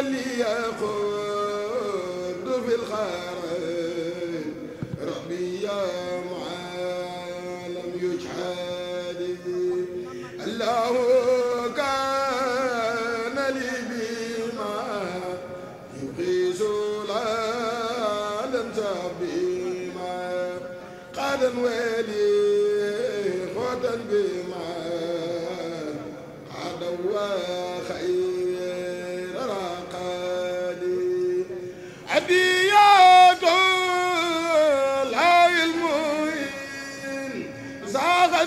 وليخوض في الخير ربي يا معالم يجحد الله كان لي بما يقيس العالم تبيما قد ولي خطا بما عدوا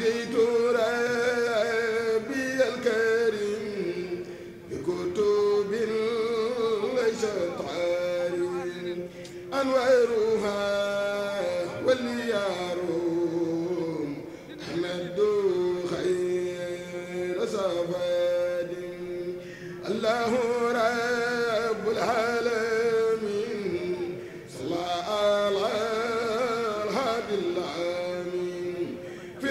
لقيت ربي الكريم بكتب ليس تعاري أنوارها وليارهم أحمد خير صفاد الله رب العالمين صلى على الهادي العالمين